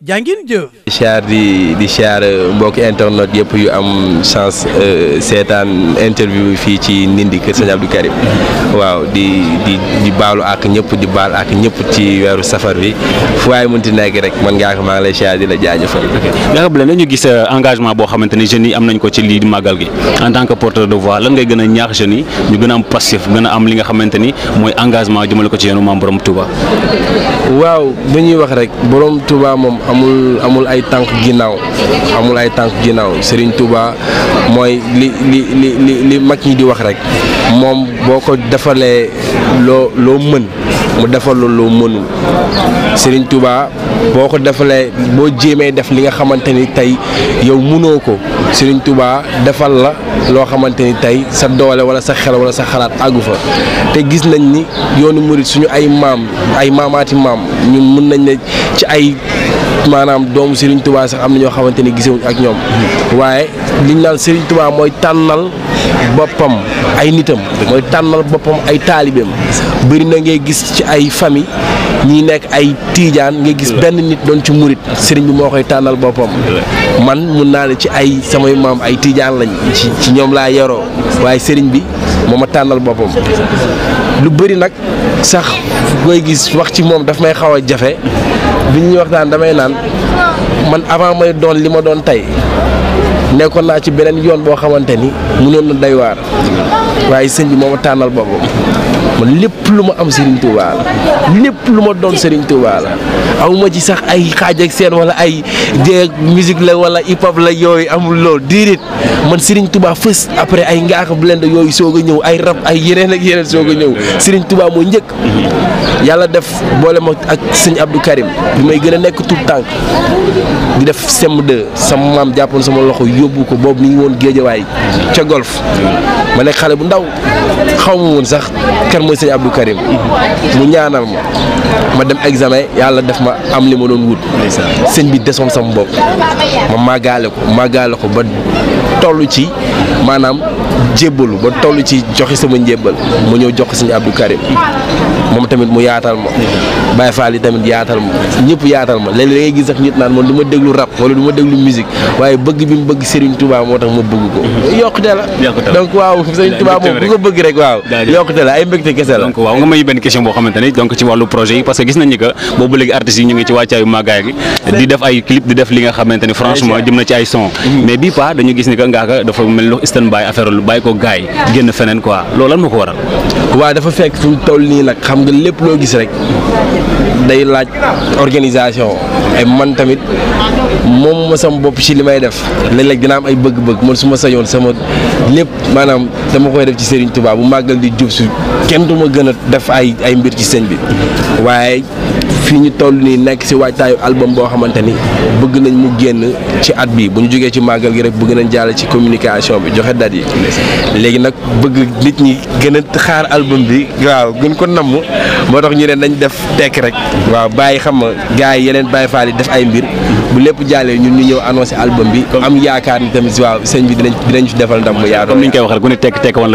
jàngin jëf. di siyaar di di uh, mbokki internet yëpp yu am chance uh, seetaan interview fii ci Ndindy kër Sëñ Abdou Karim waaw di di di baalu ak ñëpp di baal ak ñëpp ci weeru safar bi fu waay mënti nekk rek man ngaa ko maa ngi lay siyaar di la jaajëfal. nga xam ne dañu gis uh, engagement boo xamante ni jeunes yi am nañ ko ci lii di màggal gi en tant que porteur de voix lan ngay gën a ñaax jeunes yi ñu gën a am passif gën am li nga xamante ni mooy engagement jëmale ko ci yéen maam borom Touba. waaw amul amul ay tànk ginnaaw amul ay tànk ginnaaw Serigne Touba mooy li li li mag ñi di wax rek moom boo ko defalee loo mën mu defal la loo mënul Serigne Touba boo ko defalee boo jéemee def li nga xamante ni tey yow mënoo ko Serigne Touba defal la loo xamante ni tey sa doole wala sa xel wala sa xalaat àggu fa te gis nañ ni yoonu murit suñu ay maam ay maamaati maam ñun mën nañ ne ci ay maanaam doomu Serigne Touba sax am na ñoo xamante ni gisewuñ ak ñoom waaye liñ naan Serigne Touba mooy tànnal boppam ay nitam mooy tànnal boppam ay taalibeem bëri na ngay gis ci ay famille ñi nekk ay tiijaan nga gis benn nit doon ci murit sëriñ bi moo koy tànnal boppam man mun naa ci ay samay maam ay tiijaan lañ ci ñoom laa yoroo waaye sëriñ bi moo ma tànnal boppam lu bëri nag sax koy gis wax ci moom daf may xaw a jafe bi ñuy waxtaan damay naan man avant may doon li ma doon tey nekkoon naa ci beneen yoon boo xamante ni mënoon na doy waar waaye sëñ bi moo ma tànnal boppam man lépp lu ma am Serigne Touba la lépp lu ma doon Serigne Touba la amuma ci sax ay xaaj ak seen wala ay jeeg musique la wala hip la yooyu amul loolu déedéet man Serigne Touba fës après ay ngaaka blend yooyu soog a ñëw ay rab ay yeneen ak yeneen soo a ñëw seriñ Touba moo njëkk. yàlla def boole ma ak sëñ abdu Karim bi may gën a nekk tout tànk di def cm de sama maam jàppoon sama loxo yóbbu ko boobu mi woon géejawaay ca golf ma nekk xale bu ndaw xaw ma woon mooy sëñ Abdou Karim mu ñaanal ma ma dem examen yàlla def ma am li ma doon wut sëñ bi desoon sama bopp ma màggaale ko màggaale ko ba toll ci maanaam jébbalu ba toll ci joxe sama njébbal mu ñëw jox ko sëñ Abdou Karim moom tamit mu ma Baye Fall yi tamit yaatal ma ñëpp yaatal ma léeg-léeg gis nit naan man du déglu rap wala du déglu musique waaye bëgg bi mu bëgg Serigne Touba moo tax ma bëgg ko. Mhm. yokkute la donc waaw Serigne Touba moom bu bëgg rek waaw. yokkute la ay mbégte kese la. donc waaw nga may benn question boo xamante donc ci wàllu projet yi parce que gis nañ ni boobu léegi artistes yi ñu ngi ci wàccaayu màggaay bàyyi ko gaay génn feneen quoi loolu lan moo ko waral. waa dafa fekk fu mu toll nii nag xam nga lépp loo gis rek day laaj organisation ay man tamit moom ma sama bopp ci li may def léeg-léeg dina am ay bëgg-bëgg man su ma sañoon sama lépp maanaam dama koy def ci Serigne Touba bu màggal di jub su kenn du ma gën a def ay ay mbir ci sëñ bi waaye. fii ñu toll nii nekk si waajtaayu album boo xamante ni bëgg nañ mu génn ci at bi bu ñu jógee ci màggal gi rek bëgg nañ jàll ci communication bi joxe date yi. léegi nag bëgg nit ñi gën a xaar album bi. waaw gën ko mu moo tax ñu ne nañ def tekk rek. waaw bàyyi xam nga gars yeneen bàyyi faal def ay mbir. bu lépp jàllee ñun ñu ñëw annoncé album bi. am yaakaar ni tamit waaw sëñ bi dinañ dinañ fi defal ndam mu yaatu. ni ñu koy wax rek ku ne tekk tekk woon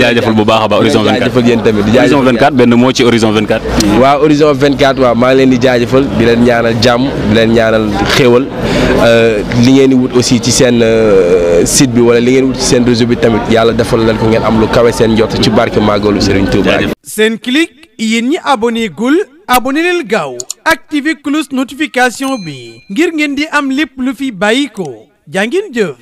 la bu baax a baax horizon 24 jaajëfal yéen tamit di horizon 24 benn moo ci horizon 24 waaw horizon 24 waaw maa leen di jaajëfal di leen ñaanal jàmm di leen ñaanal xéewal euh, li ngeen di wut aussi ci seen euh, site bi wala li ngeen wut ci seen réseau bi tamit yàlla defal leen ko ngeen am lu kawe seen njott ci barke Magalu Serigne Touba seen clic yéen ñi abonné gul abonné leen gaaw activé cloche notification bi ngir ngeen di am lépp lu fi bàyyi ko jaa jëf